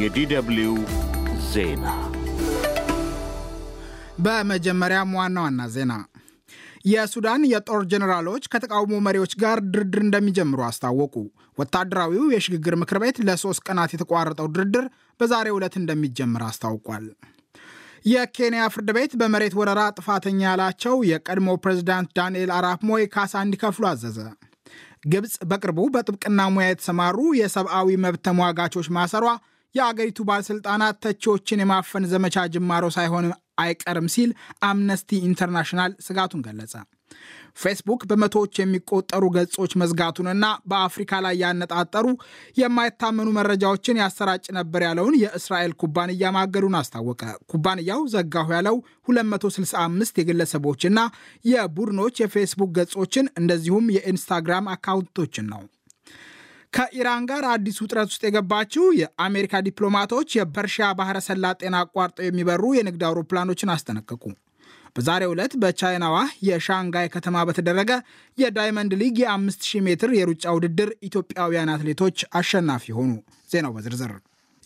የዲደብሊው ዜና በመጀመሪያም ዋና ዋና ዜና የሱዳን የጦር ጀኔራሎች ከተቃውሞ መሪዎች ጋር ድርድር እንደሚጀምሩ አስታወቁ። ወታደራዊው የሽግግር ምክር ቤት ለሶስት ቀናት የተቋረጠው ድርድር በዛሬ ዕለት እንደሚጀምር አስታውቋል። የኬንያ ፍርድ ቤት በመሬት ወረራ ጥፋተኛ ያላቸው የቀድሞ ፕሬዚዳንት ዳንኤል አራፕ ሞይ ካሳ እንዲከፍሉ አዘዘ። ግብፅ በቅርቡ በጥብቅና ሙያ የተሰማሩ የሰብአዊ መብት ተሟጋቾች ማሰሯ የአገሪቱ ባለስልጣናት ተቺዎችን የማፈን ዘመቻ ጅማሮ ሳይሆን አይቀርም ሲል አምነስቲ ኢንተርናሽናል ስጋቱን ገለጸ። ፌስቡክ በመቶዎች የሚቆጠሩ ገጾች መዝጋቱንና በአፍሪካ ላይ ያነጣጠሩ የማይታመኑ መረጃዎችን ያሰራጭ ነበር ያለውን የእስራኤል ኩባንያ ማገዱን አስታወቀ። ኩባንያው ዘጋሁ ያለው 265 የግለሰቦችና የቡድኖች የፌስቡክ ገጾችን እንደዚሁም የኢንስታግራም አካውንቶችን ነው። ከኢራን ጋር አዲስ ውጥረት ውስጥ የገባችው የአሜሪካ ዲፕሎማቶች የፐርሺያ ባህረ ሰላጤን አቋርጠው የሚበሩ የንግድ አውሮፕላኖችን አስጠነቀቁ። በዛሬው ዕለት በቻይናዋ የሻንጋይ ከተማ በተደረገ የዳይመንድ ሊግ የ5000 ሜትር የሩጫ ውድድር ኢትዮጵያውያን አትሌቶች አሸናፊ ሆኑ። ዜናው በዝርዝር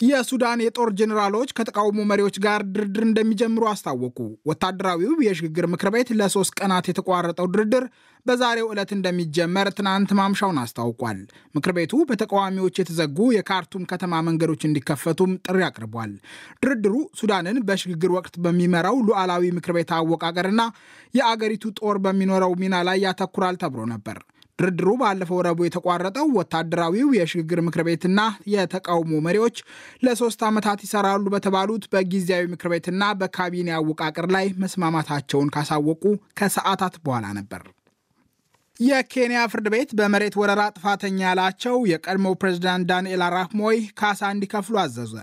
የሱዳን የጦር ጀኔራሎች ከተቃውሞ መሪዎች ጋር ድርድር እንደሚጀምሩ አስታወቁ። ወታደራዊው የሽግግር ምክር ቤት ለሶስት ቀናት የተቋረጠው ድርድር በዛሬው ዕለት እንደሚጀመር ትናንት ማምሻውን አስታውቋል። ምክር ቤቱ በተቃዋሚዎች የተዘጉ የካርቱም ከተማ መንገዶች እንዲከፈቱም ጥሪ አቅርቧል። ድርድሩ ሱዳንን በሽግግር ወቅት በሚመራው ሉዓላዊ ምክር ቤት አወቃቀርና የአገሪቱ ጦር በሚኖረው ሚና ላይ ያተኩራል ተብሎ ነበር። ድርድሩ ባለፈው ረቡዕ የተቋረጠው ወታደራዊው የሽግግር ምክር ቤትና የተቃውሞ መሪዎች ለሶስት ዓመታት ይሰራሉ በተባሉት በጊዜያዊ ምክር ቤትና በካቢኔ አወቃቀር ላይ መስማማታቸውን ካሳወቁ ከሰዓታት በኋላ ነበር። የኬንያ ፍርድ ቤት በመሬት ወረራ ጥፋተኛ ያላቸው የቀድሞው ፕሬዝዳንት ዳንኤል አራፕ ሞይ ካሳ እንዲከፍሉ አዘዘ።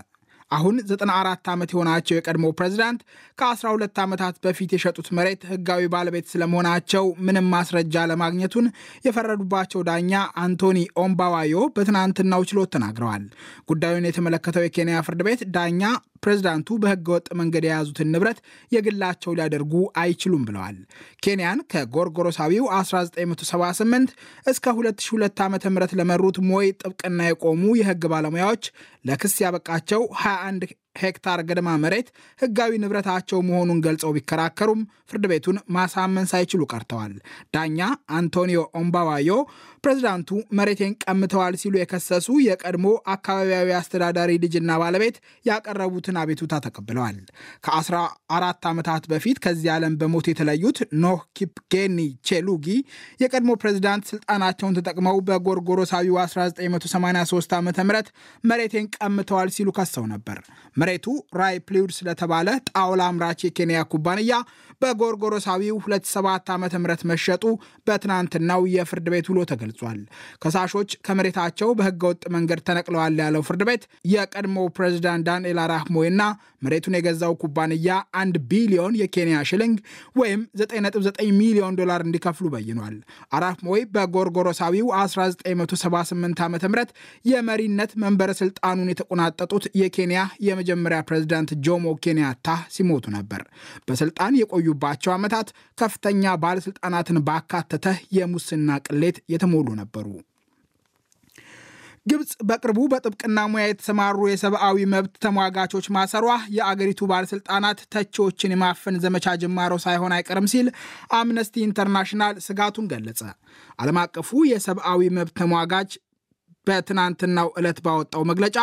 አሁን 94 ዓመት የሆናቸው የቀድሞ ፕሬዝዳንት ከ12 ዓመታት በፊት የሸጡት መሬት ህጋዊ ባለቤት ስለመሆናቸው ምንም ማስረጃ ለማግኘቱን የፈረዱባቸው ዳኛ አንቶኒ ኦምባዋዮ በትናንትናው ችሎት ተናግረዋል። ጉዳዩን የተመለከተው የኬንያ ፍርድ ቤት ዳኛ ፕሬዝዳንቱ በህገወጥ መንገድ የያዙትን ንብረት የግላቸው ሊያደርጉ አይችሉም ብለዋል። ኬንያን ከጎርጎሮሳዊው 1978 እስከ 2002 ዓ ም ለመሩት ሞይ ጥብቅና የቆሙ የህግ ባለሙያዎች ለክስ ያበቃቸው 21 ሄክታር ገደማ መሬት ህጋዊ ንብረታቸው መሆኑን ገልጸው ቢከራከሩም ፍርድ ቤቱን ማሳመን ሳይችሉ ቀርተዋል። ዳኛ አንቶኒዮ ኦምባዋዮ ፕሬዝዳንቱ መሬቴን ቀምተዋል ሲሉ የከሰሱ የቀድሞ አካባቢያዊ አስተዳዳሪ ልጅና ባለቤት ያቀረቡትን አቤቱታ ተቀብለዋል። ከአስራ አራት ዓመታት በፊት ከዚህ ዓለም በሞት የተለዩት ኖህ ኪፕጌኒ ቼሉጊ የቀድሞ ፕሬዝዳንት ስልጣናቸውን ተጠቅመው በጎርጎሮሳዊው 1983 ዓ ም መሬቴን ቀምተዋል ሲሉ ከሰው ነበር። መሬቱ ራይፕሊውድ ስለተባለ ጣውላ አምራች የኬንያ ኩባንያ በጎርጎሮሳዊው 27 ዓ ም መሸጡ በትናንትናው የፍርድ ቤት ውሎ ተገልጿል። ከሳሾች ከመሬታቸው በህገወጥ መንገድ ተነቅለዋል ያለው ፍርድ ቤት የቀድሞው ፕሬዚዳንት ዳንኤል አራፕ እና መሬቱን የገዛው ኩባንያ 1 ቢሊዮን የኬንያ ሽልንግ ወይም 9.9 ሚሊዮን ዶላር እንዲከፍሉ በይኗል። አራፕ ሞይ በጎርጎሮሳዊው 1978 ዓ ም የመሪነት መንበረ ስልጣኑን የተቆናጠጡት የኬንያ የመጀመ የመጀመሪያ ፕሬዝዳንት ጆሞ ኬንያታ ሲሞቱ ነበር። በስልጣን የቆዩባቸው ዓመታት ከፍተኛ ባለስልጣናትን ባካተተ የሙስና ቅሌት የተሞሉ ነበሩ። ግብፅ በቅርቡ በጥብቅና ሙያ የተሰማሩ የሰብአዊ መብት ተሟጋቾች ማሰሯ የአገሪቱ ባለስልጣናት ተቺዎችን የማፈን ዘመቻ ጅማሮ ሳይሆን አይቀርም ሲል አምነስቲ ኢንተርናሽናል ስጋቱን ገለጸ። ዓለም አቀፉ የሰብአዊ መብት ተሟጋች በትናንትናው ዕለት ባወጣው መግለጫ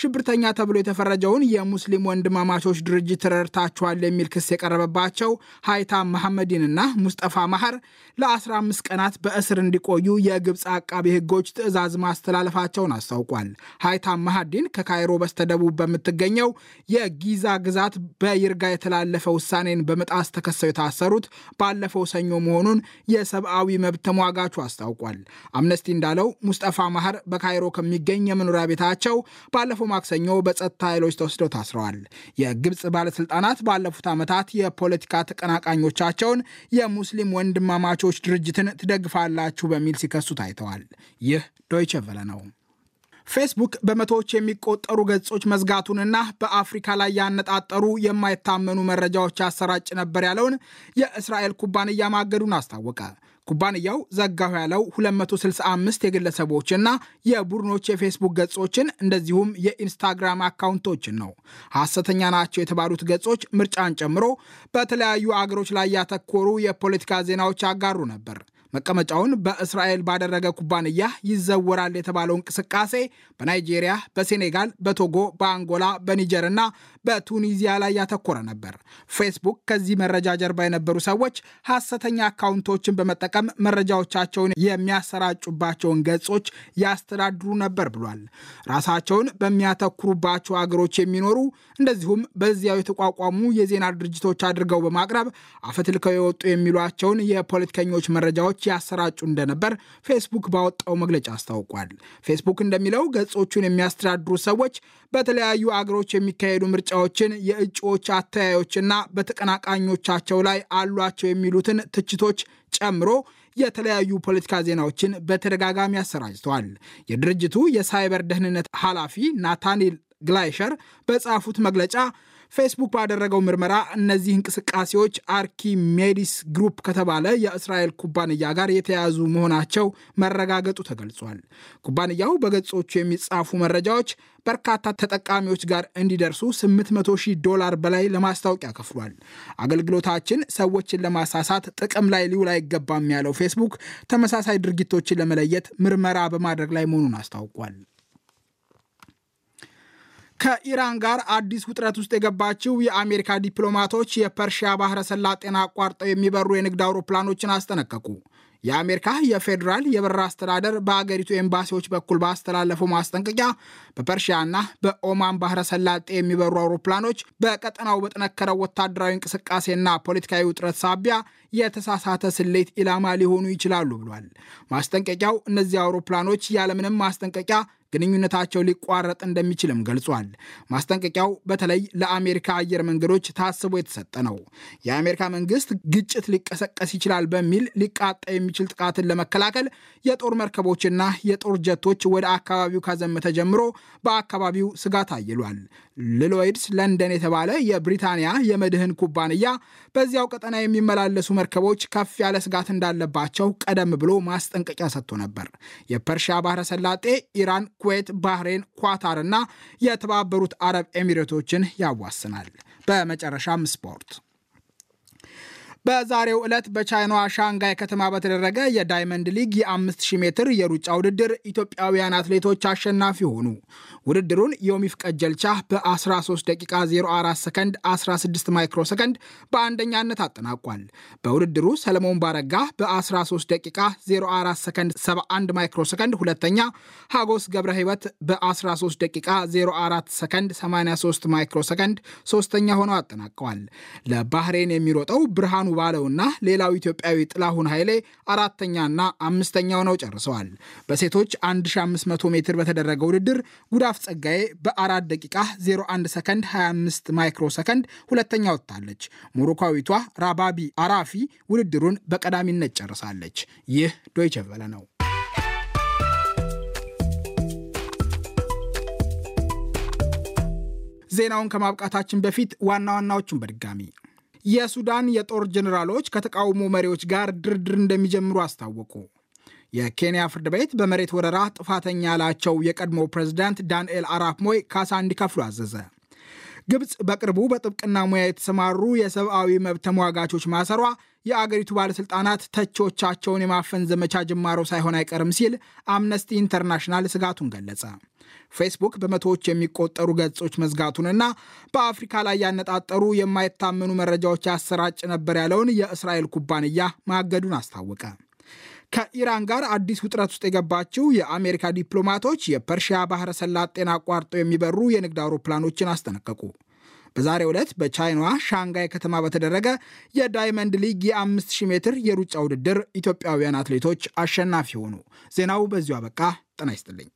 ሽብርተኛ ተብሎ የተፈረጀውን የሙስሊም ወንድማማቾች ድርጅት ረድታችኋል የሚል ክስ የቀረበባቸው ሃይታም መሐመዲንና ሙስጠፋ ማህር ለ15 ቀናት በእስር እንዲቆዩ የግብፅ አቃቢ ህጎች ትዕዛዝ ማስተላለፋቸውን አስታውቋል። ሀይታ መሐዲን ከካይሮ በስተደቡብ በምትገኘው የጊዛ ግዛት በይርጋ የተላለፈ ውሳኔን በመጣስ ተከሰው የታሰሩት ባለፈው ሰኞ መሆኑን የሰብአዊ መብት ተሟጋቹ አስታውቋል። አምነስቲ እንዳለው ሙስጠፋ ማህር በ ካይሮ ከሚገኝ የመኖሪያ ቤታቸው ባለፈው ማክሰኞ በጸጥታ ኃይሎች ተወስደው ታስረዋል። የግብፅ ባለስልጣናት ባለፉት ዓመታት የፖለቲካ ተቀናቃኞቻቸውን የሙስሊም ወንድማማቾች ድርጅትን ትደግፋላችሁ በሚል ሲከሱ ታይተዋል። ይህ ዶይቸ ቨለ ነው። ፌስቡክ በመቶዎች የሚቆጠሩ ገጾች መዝጋቱንና በአፍሪካ ላይ ያነጣጠሩ የማይታመኑ መረጃዎች ያሰራጭ ነበር ያለውን የእስራኤል ኩባንያ ማገዱን አስታወቀ። ኩባንያው ዘጋሁ ያለው 265 የግለሰቦችና የቡድኖች የፌስቡክ ገጾችን እንደዚሁም የኢንስታግራም አካውንቶችን ነው። ሐሰተኛ ናቸው የተባሉት ገጾች ምርጫን ጨምሮ በተለያዩ አገሮች ላይ ያተኮሩ የፖለቲካ ዜናዎች ያጋሩ ነበር። መቀመጫውን በእስራኤል ባደረገ ኩባንያ ይዘወራል የተባለው እንቅስቃሴ በናይጄሪያ፣ በሴኔጋል፣ በቶጎ፣ በአንጎላ፣ በኒጀር በቱኒዚያ ላይ ያተኮረ ነበር። ፌስቡክ ከዚህ መረጃ ጀርባ የነበሩ ሰዎች ሐሰተኛ አካውንቶችን በመጠቀም መረጃዎቻቸውን የሚያሰራጩባቸውን ገጾች ያስተዳድሩ ነበር ብሏል። ራሳቸውን በሚያተኩሩባቸው አገሮች የሚኖሩ እንደዚሁም በዚያው የተቋቋሙ የዜና ድርጅቶች አድርገው በማቅረብ አፈትልከው የወጡ የሚሏቸውን የፖለቲከኞች መረጃዎች ያሰራጩ እንደነበር ፌስቡክ ባወጣው መግለጫ አስታውቋል። ፌስቡክ እንደሚለው ገጾቹን የሚያስተዳድሩ ሰዎች በተለያዩ አገሮች የሚካሄዱ ምርጫ መግለጫዎችን፣ የእጩዎች አተያዮችና በተቀናቃኞቻቸው ላይ አሏቸው የሚሉትን ትችቶች ጨምሮ የተለያዩ ፖለቲካ ዜናዎችን በተደጋጋሚ አሰራጅተዋል። የድርጅቱ የሳይበር ደህንነት ኃላፊ ናታኒል ግላይሸር በጻፉት መግለጫ ፌስቡክ ባደረገው ምርመራ እነዚህ እንቅስቃሴዎች አርኪሜዲስ ግሩፕ ከተባለ የእስራኤል ኩባንያ ጋር የተያያዙ መሆናቸው መረጋገጡ ተገልጿል። ኩባንያው በገጾቹ የሚጻፉ መረጃዎች በርካታ ተጠቃሚዎች ጋር እንዲደርሱ 8000 ዶላር በላይ ለማስታወቂያ ከፍሏል። አገልግሎታችን ሰዎችን ለማሳሳት ጥቅም ላይ ሊውል አይገባም ያለው ፌስቡክ ተመሳሳይ ድርጊቶችን ለመለየት ምርመራ በማድረግ ላይ መሆኑን አስታውቋል። ከኢራን ጋር አዲስ ውጥረት ውስጥ የገባችው የአሜሪካ ዲፕሎማቶች የፐርሺያ ባህረ ሰላጤን አቋርጠው የሚበሩ የንግድ አውሮፕላኖችን አስጠነቀቁ። የአሜሪካ የፌዴራል የበረራ አስተዳደር በአገሪቱ ኤምባሲዎች በኩል ባስተላለፈው ማስጠንቀቂያ በፐርሺያና በኦማን ባህረ ሰላጤ የሚበሩ አውሮፕላኖች በቀጠናው በጠነከረው ወታደራዊ እንቅስቃሴና ፖለቲካዊ ውጥረት ሳቢያ የተሳሳተ ስሌት ኢላማ ሊሆኑ ይችላሉ ብሏል። ማስጠንቀቂያው እነዚህ አውሮፕላኖች ያለምንም ማስጠንቀቂያ ግንኙነታቸው ሊቋረጥ እንደሚችልም ገልጿል። ማስጠንቀቂያው በተለይ ለአሜሪካ አየር መንገዶች ታስቦ የተሰጠ ነው። የአሜሪካ መንግስት ግጭት ሊቀሰቀስ ይችላል በሚል ሊቃጣ የሚችል ጥቃትን ለመከላከል የጦር መርከቦችና የጦር ጀቶች ወደ አካባቢው ካዘመተ ጀምሮ በአካባቢው ስጋት አይሏል። ልሎይድስ ለንደን የተባለ የብሪታንያ የመድህን ኩባንያ በዚያው ቀጠና የሚመላለሱ መርከቦች ከፍ ያለ ስጋት እንዳለባቸው ቀደም ብሎ ማስጠንቀቂያ ሰጥቶ ነበር። የፐርሺያ ባህረ ሰላጤ ኢራን ኩዌት፣ ባህሬን፣ ኳታርና የተባበሩት አረብ ኤሚሬቶችን ያዋስናል። በመጨረሻም ስፖርት በዛሬው ዕለት በቻይናዋ ሻንጋይ ከተማ በተደረገ የዳይመንድ ሊግ የ5000 ሜትር የሩጫ ውድድር ኢትዮጵያውያን አትሌቶች አሸናፊ ሆኑ። ውድድሩን ዮሚፍ ቀጀልቻ በ13 ደቂቃ 04 ሰከንድ 16 ማይክሮ ሰከንድ በአንደኛነት አጠናቋል። በውድድሩ ሰለሞን ባረጋ በ13 ደቂቃ 04 ሰከንድ 71 ማይክሮ ሰከንድ ሁለተኛ፣ ሀጎስ ገብረ ህይወት በ13 ደቂቃ 04 ሰከንድ 83 ማይክሮ ሰከንድ ሶስተኛ ሆነው አጠናቀዋል። ለባህሬን የሚሮጠው ብርሃኑ ባለውና ሌላው ኢትዮጵያዊ ጥላሁን ኃይሌ አራተኛና አምስተኛ ሆነው ጨርሰዋል። በሴቶች 1500 ሜትር በተደረገ ውድድር ጉዳፍ ጸጋዬ በአራት ደቂቃ 01 ሰከንድ 25 ማይክሮ ሰከንድ ሁለተኛ ወጥታለች። ሞሮካዊቷ ራባቢ አራፊ ውድድሩን በቀዳሚነት ጨርሳለች። ይህ ዶይቸ ቬለ ነው። ዜናውን ከማብቃታችን በፊት ዋና ዋናዎቹን በድጋሚ የሱዳን የጦር ጀኔራሎች ከተቃውሞ መሪዎች ጋር ድርድር እንደሚጀምሩ አስታወቁ። የኬንያ ፍርድ ቤት በመሬት ወረራ ጥፋተኛ ያላቸው የቀድሞ ፕሬዝዳንት ዳንኤል አራፕ ሞይ ካሳ እንዲከፍሉ አዘዘ። ግብፅ በቅርቡ በጥብቅና ሙያ የተሰማሩ የሰብአዊ መብት ተሟጋቾች ማሰሯ የአገሪቱ ባለስልጣናት ተቾቻቸውን የማፈን ዘመቻ ጅማሮ ሳይሆን አይቀርም ሲል አምነስቲ ኢንተርናሽናል ስጋቱን ገለጸ። ፌስቡክ በመቶዎች የሚቆጠሩ ገጾች መዝጋቱንና በአፍሪካ ላይ ያነጣጠሩ የማይታመኑ መረጃዎች ያሰራጭ ነበር ያለውን የእስራኤል ኩባንያ ማገዱን አስታወቀ። ከኢራን ጋር አዲስ ውጥረት ውስጥ የገባችው የአሜሪካ ዲፕሎማቶች የፐርሺያ ባህረ ሰላጤን አቋርጠው የሚበሩ የንግድ አውሮፕላኖችን አስጠነቀቁ። በዛሬ ዕለት በቻይናዋ ሻንጋይ ከተማ በተደረገ የዳይመንድ ሊግ የ5000 ሜትር የሩጫ ውድድር ኢትዮጵያውያን አትሌቶች አሸናፊ ሆኑ። ዜናው በዚሁ አበቃ። ጤና ይስጥልኝ።